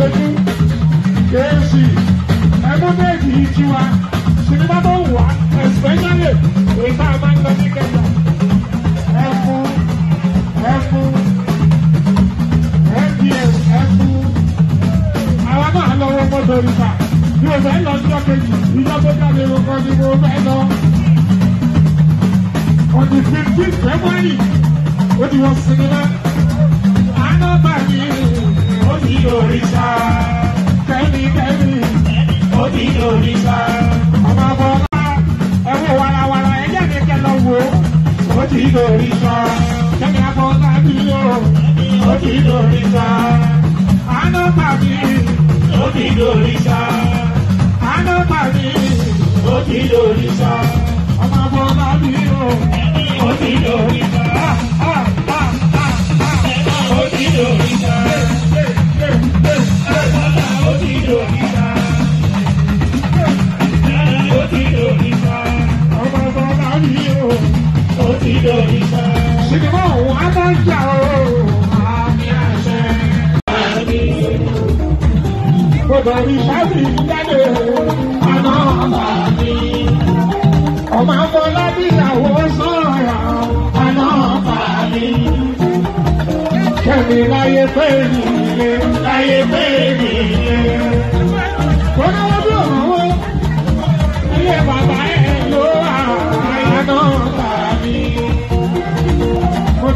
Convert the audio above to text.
aṣojú kc ẹmú méjì yìí ti wá sinimá tó wà especially èyí tá a máa ń lọ ní kẹta ẹkú ẹkú nps ẹkú àwa náà lọ wọ mọ́tò nípa bí o fẹ́ lọ sí ọ̀kejì ìjọ tó jáde lọ́kọ́ ni mo fẹ́ lọ on the fifteenth february ó ti wọ sinimá àná bàmí ó ní òrìṣà ti dorí bá. ọmọ bọ́lá ẹ wo warawara ẹ jẹ́ kẹ́kẹ́ lọ wo. ó ti dorí bá. kẹ́kẹ́ bọ́lá bí o. ó ti dorí bá. àánú pàdé. ó ti dorí bá. àánú pàdé. ó ti dorí bá. ọmọ bọ́lá bí o. ó ti dorí bá. Ah, ah, ah, ó ti dorí bá. dòrìṣà. Ṣèjọba òun á máa ń jà o. Àmì àṣẹ. Àmì òdòrìṣà sì ń jáde o. Àná ọ̀la mi. Ọmọ afọlá bí